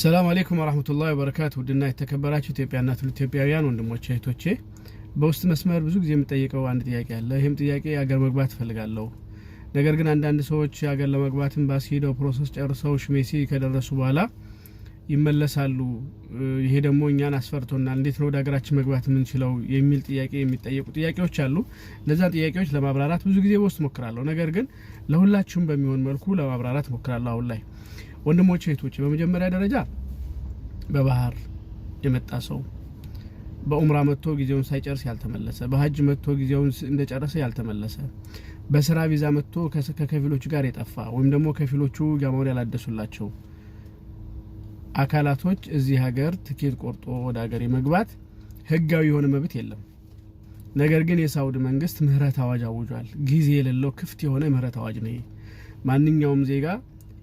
ሰላም አሌይኩም ወረህመቱላሂ ወበረካቱ። ውድና የተከበራችሁ ኢትዮጵያና ትውልደ ኢትዮጵያውያን ወንድሞቼ እህቶቼ፣ በውስጥ መስመር ብዙ ጊዜ የምጠይቀው አንድ ጥያቄ አለ። ይህም ጥያቄ አገር መግባት እፈልጋለሁ፣ ነገር ግን አንዳንድ ሰዎች አገር ለመግባትም ባስሄደው ፕሮሰስ ጨርሰው ሽሜሲ ከደረሱ በኋላ ይመለሳሉ። ይሄ ደግሞ እኛን አስፈርቶናል። እንዴት ነው ወደ ሀገራችን መግባት የምንችለው? የሚል ጥያቄ የሚጠየቁ ጥያቄዎች አሉ። እነዛን ጥያቄዎች ለማብራራት ብዙ ጊዜ በውስጥ ሞክራለሁ፣ ነገር ግን ለሁላችሁም በሚሆን መልኩ ለማብራራት ሞክራለሁ አሁን ላይ ወንድሞች እህቶች፣ በመጀመሪያ ደረጃ በባህር የመጣ ሰው በኡምራ መጥቶ ጊዜውን ሳይጨርስ ያልተመለሰ፣ በሀጅ መጥቶ ጊዜውን እንደጨረሰ ያልተመለሰ፣ በስራ ቪዛ መጥቶ ከከፊሎቹ ጋር የጠፋ ወይም ደግሞ ከፊሎቹ ጋማውን ያላደሱላቸው አካላቶች እዚህ ሀገር ትኬት ቆርጦ ወደ ሀገር የመግባት ህጋዊ የሆነ መብት የለም። ነገር ግን የሳውድ መንግስት ምህረት አዋጅ አውጇል። ጊዜ የሌለው ክፍት የሆነ ምህረት አዋጅ ነው። ማንኛውም ዜጋ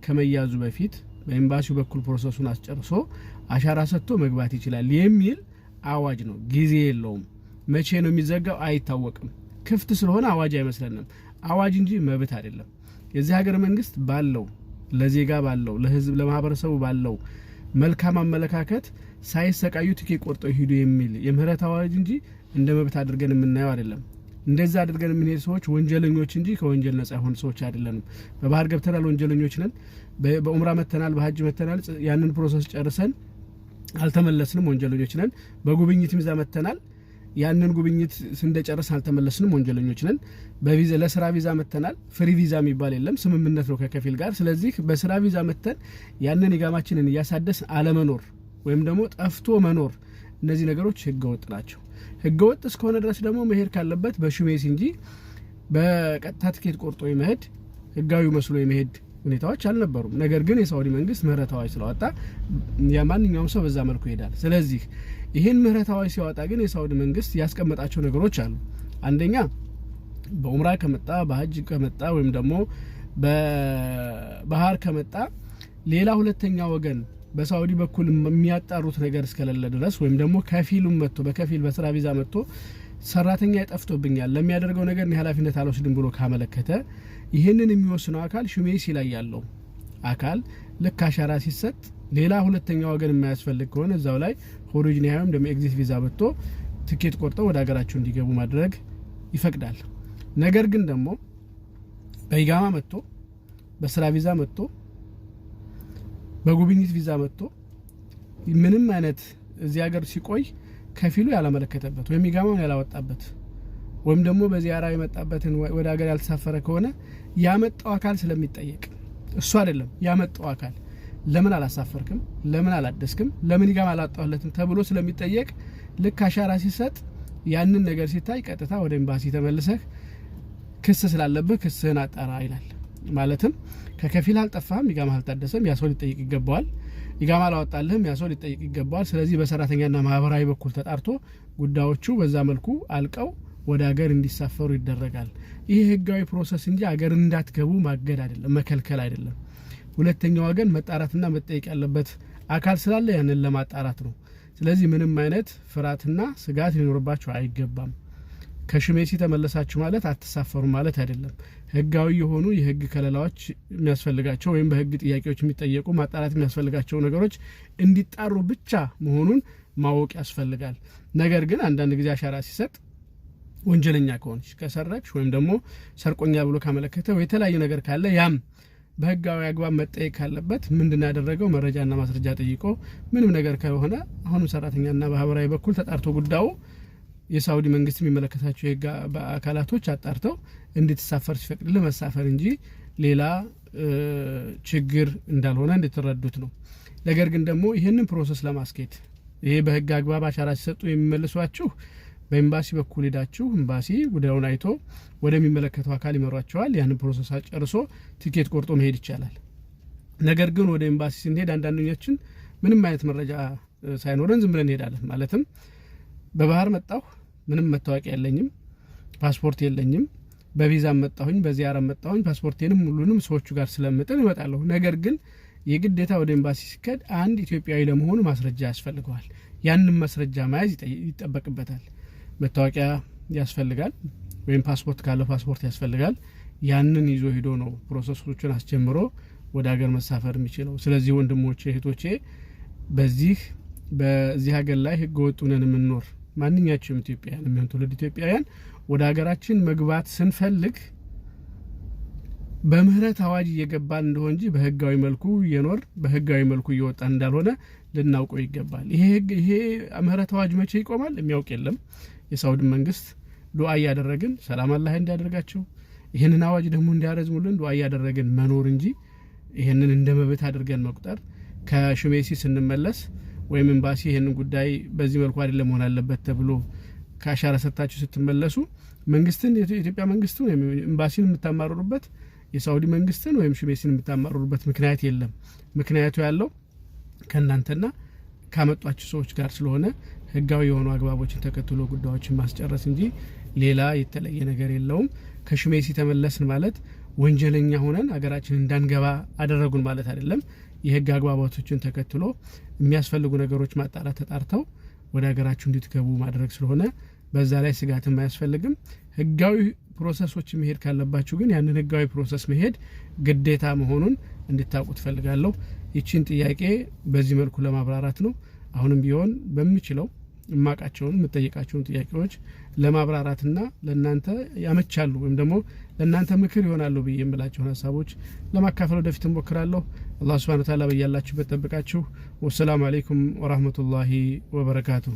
ከመያዙ በፊት በኤምባሲው በኩል ፕሮሰሱን አስጨርሶ አሻራ ሰጥቶ መግባት ይችላል የሚል አዋጅ ነው። ጊዜ የለውም። መቼ ነው የሚዘጋው አይታወቅም። ክፍት ስለሆነ አዋጅ አይመስለንም። አዋጅ እንጂ መብት አይደለም። የዚህ ሀገር መንግስት ባለው ለዜጋ ባለው ለህዝብ ለማህበረሰቡ ባለው መልካም አመለካከት ሳይሰቃዩ ትኬት ቆርጠው ሂዱ የሚል የምህረት አዋጅ እንጂ እንደ መብት አድርገን የምናየው አይደለም። እንደዛ አድርገን የምንሄድ ሰዎች ወንጀለኞች እንጂ ከወንጀል ነጻ የሆኑ ሰዎች አይደለንም። በባህር ገብተናል፣ ወንጀለኞች ነን። በኡምራ መተናል፣ በሀጅ መተናል። ያንን ፕሮሰስ ጨርሰን አልተመለስንም፣ ወንጀለኞች ነን። በጉብኝት ሚዛ መተናል ያንን ጉብኝት ስንደጨርስ አልተመለስንም፣ ወንጀለኞች ነን። በቪዛ ለስራ ቪዛ መተናል። ፍሪ ቪዛ የሚባል የለም፣ ስምምነት ነው ከከፊል ጋር። ስለዚህ በስራ ቪዛ መተን ያንን ይጋማችንን እያሳደስ አለመኖር ወይም ደግሞ ጠፍቶ መኖር፣ እነዚህ ነገሮች ህገወጥ ናቸው። ህገወጥ እስከሆነ ድረስ ደግሞ መሄድ ካለበት በሹሜስ እንጂ በቀጥታ ትኬት ቆርጦ የመሄድ ህጋዊ መስሎ የመሄድ ሁኔታዎች አልነበሩም። ነገር ግን የሳውዲ መንግስት ምህረት አዋጅ ስላወጣ የማንኛውም ሰው በዛ መልኩ ይሄዳል። ስለዚህ ይህን ምህረት አዋጅ ሲያወጣ ግን የሳውዲ መንግስት ያስቀመጣቸው ነገሮች አሉ። አንደኛ በኡምራ ከመጣ በሀጅ ከመጣ ወይም ደግሞ በባህር ከመጣ ሌላ ሁለተኛ ወገን በሳውዲ በኩል የሚያጣሩት ነገር እስከሌለ ድረስ ወይም ደግሞ ከፊሉም መጥቶ በከፊል በስራ ቪዛ መጥቶ ሰራተኛ ጠፍቶብኛል ለሚያደርገው ነገር እኔ ኃላፊነት አልወስድም ብሎ ካመለከተ ይህንን የሚወስነው አካል ሹሜሲ ላይ ያለው አካል ልክ አሻራ ሲሰጥ ሌላ ሁለተኛ ወገን የማያስፈልግ ከሆነ እዛው ላይ ሆሮጅ ወይም ደግሞ ኤግዚት ቪዛ መጥቶ ትኬት ቆርጠው ወደ ሀገራቸው እንዲገቡ ማድረግ ይፈቅዳል። ነገር ግን ደግሞ በኢጋማ መጥቶ በስራ ቪዛ መጥቶ በጉብኝት ቪዛ መጥቶ ምንም አይነት እዚህ ሀገር ሲቆይ ከፊሉ ያላመለከተበት ወይም ኢቃማውን ያላወጣበት ወይም ደግሞ በዚያራ የመጣበትን ወደ ሀገር ያልተሳፈረ ከሆነ ያመጣው አካል ስለሚጠየቅ እሱ አይደለም ያመጣው አካል ለምን አላሳፈርክም፣ ለምን አላደስክም፣ ለምን ኢቃማ አላወጣለትም ተብሎ ስለሚጠየቅ ልክ አሻራ ሲሰጥ ያንን ነገር ሲታይ ቀጥታ ወደ ኤምባሲ ተመልሰህ ክስ ስላለብህ ክስህን አጣራ ይላል። ማለትም ከከፊል አልጠፋም ይጋማ አልታደሰም፣ ያ ሰው ሊጠይቅ ይገባዋል። ይጋማ አላወጣልህም፣ ያ ሰው ሊጠይቅ ይገባዋል። ስለዚህ በሰራተኛና ማህበራዊ በኩል ተጣርቶ ጉዳዮቹ በዛ መልኩ አልቀው ወደ ሀገር እንዲሳፈሩ ይደረጋል። ይህ ህጋዊ ፕሮሰስ እንጂ ሀገር እንዳትገቡ ማገድ አይደለም፣ መከልከል አይደለም። ሁለተኛው ወገን መጣራትና መጠየቅ ያለበት አካል ስላለ ያንን ለማጣራት ነው። ስለዚህ ምንም አይነት ፍርሃትና ስጋት ሊኖርባቸው አይገባም። ከሽሜሲ ተመለሳችሁ ማለት አትሳፈሩ ማለት አይደለም። ህጋዊ የሆኑ የህግ ከለላዎች የሚያስፈልጋቸው ወይም በህግ ጥያቄዎች የሚጠየቁ ማጣራት የሚያስፈልጋቸው ነገሮች እንዲጣሩ ብቻ መሆኑን ማወቅ ያስፈልጋል። ነገር ግን አንዳንድ ጊዜ አሻራ ሲሰጥ ወንጀለኛ ከሆነች ከሰረች ወይም ደግሞ ሰርቆኛ ብሎ ካመለከተ ወይ የተለያዩ ነገር ካለ ያም በህጋዊ አግባብ መጠየቅ ካለበት ምንድን ያደረገው መረጃና ማስረጃ ጠይቆ ምንም ነገር ከሆነ አሁንም ሰራተኛና ማህበራዊ በኩል ተጣርቶ ጉዳዩ የሳውዲ መንግስት የሚመለከታቸው የህግ አካላቶች አጣርተው እንድትሳፈር ሲፈቅድል መሳፈር እንጂ ሌላ ችግር እንዳልሆነ እንድትረዱት ነው። ነገር ግን ደግሞ ይህንን ፕሮሰስ ለማስኬድ ይሄ በህግ አግባብ አሻራ ሲሰጡ የሚመልሷችሁ በኤምባሲ በኩል ሄዳችሁ ኤምባሲ ወዲያውን አይቶ ወደሚመለከተው አካል ይመሯቸዋል። ያንን ፕሮሰስ ጨርሶ ቲኬት ቆርጦ መሄድ ይቻላል። ነገር ግን ወደ ኤምባሲ ስንሄድ አንዳንዶቻችን ምንም አይነት መረጃ ሳይኖረን ዝም ብለን እንሄዳለን ማለትም በባህር መጣሁ፣ ምንም መታወቂያ የለኝም፣ ፓስፖርት የለኝም። በቪዛም መጣሁኝ፣ በዚያራ መጣሁኝ፣ ፓስፖርቴንም ሁሉንም ሰዎቹ ጋር ስለምጥን እመጣለሁ። ነገር ግን የግዴታ ወደ ኤምባሲ ሲከድ አንድ ኢትዮጵያዊ ለመሆኑ ማስረጃ ያስፈልገዋል። ያንም ማስረጃ መያዝ ይጠበቅበታል። መታወቂያ ያስፈልጋል፣ ወይም ፓስፖርት ካለው ፓስፖርት ያስፈልጋል። ያንን ይዞ ሄዶ ነው ፕሮሰሶቹን አስጀምሮ ወደ ሀገር መሳፈር የሚችለው። ስለዚህ ወንድሞቼ እህቶቼ፣ በዚህ በዚህ ሀገር ላይ ህገ ወጥ የምንኖር ማንኛቸውም ኢትዮጵያውያን የሚሆን ትውልድ ኢትዮጵያውያን ወደ ሀገራችን መግባት ስንፈልግ በምህረት አዋጅ እየገባን እንደሆን እንጂ በህጋዊ መልኩ እየኖር በህጋዊ መልኩ እየወጣን እንዳልሆነ ልናውቀው ይገባል። ይሄ ምህረት አዋጅ መቼ ይቆማል የሚያውቅ የለም። የሳውድን መንግስት ዱአ እያደረግን ሰላም አላህ እንዲያደርጋቸው ይህንን አዋጅ ደግሞ እንዲያረዝሙልን ዱአ እያደረግን መኖር እንጂ ይህንን እንደ መብት አድርገን መቁጠር ከሽሜሲ ስንመለስ ወይም ኤምባሲ ይህንን ጉዳይ በዚህ መልኩ አይደለም መሆን አለበት ተብሎ ከአሻራ ሰጥታችሁ ስትመለሱ መንግስትን የኢትዮጵያ መንግስትን ወይም ኤምባሲን የምታማርሩበት የሳውዲ መንግስትን ወይም ሹሜሲን የምታማርሩበት ምክንያት የለም። ምክንያቱ ያለው ከእናንተና ካመጧችሁ ሰዎች ጋር ስለሆነ ህጋዊ የሆኑ አግባቦችን ተከትሎ ጉዳዮችን ማስጨረስ እንጂ ሌላ የተለየ ነገር የለውም። ከሽሜሲ ተመለስን ማለት ወንጀለኛ ሆነን ሀገራችን እንዳንገባ አደረጉን ማለት አይደለም። የህግ አግባባቶችን ተከትሎ የሚያስፈልጉ ነገሮች ማጣራት ተጣርተው ወደ ሀገራችሁ እንድትገቡ ማድረግ ስለሆነ በዛ ላይ ስጋትም አያስፈልግም። ህጋዊ ፕሮሰሶች መሄድ ካለባችሁ ግን ያንን ህጋዊ ፕሮሰስ መሄድ ግዴታ መሆኑን እንድታውቁ ትፈልጋለሁ። ይችን ጥያቄ በዚህ መልኩ ለማብራራት ነው። አሁንም ቢሆን በምችለው እማቃቸውን የምጠይቃቸውን ጥያቄዎች ለማብራራትና ለእናንተ ያመቻሉ ወይም ደግሞ ለእናንተ ምክር ይሆናሉ ብዬ የምላቸውን ሀሳቦች ለማካፈል ወደፊት እሞክራለሁ። አላህ ስብሃነ ወተዓላ በያላችሁበት ጠብቃችሁ። ወሰላሙ አሌይኩም ወራህመቱላሂ ወበረካቱሁ።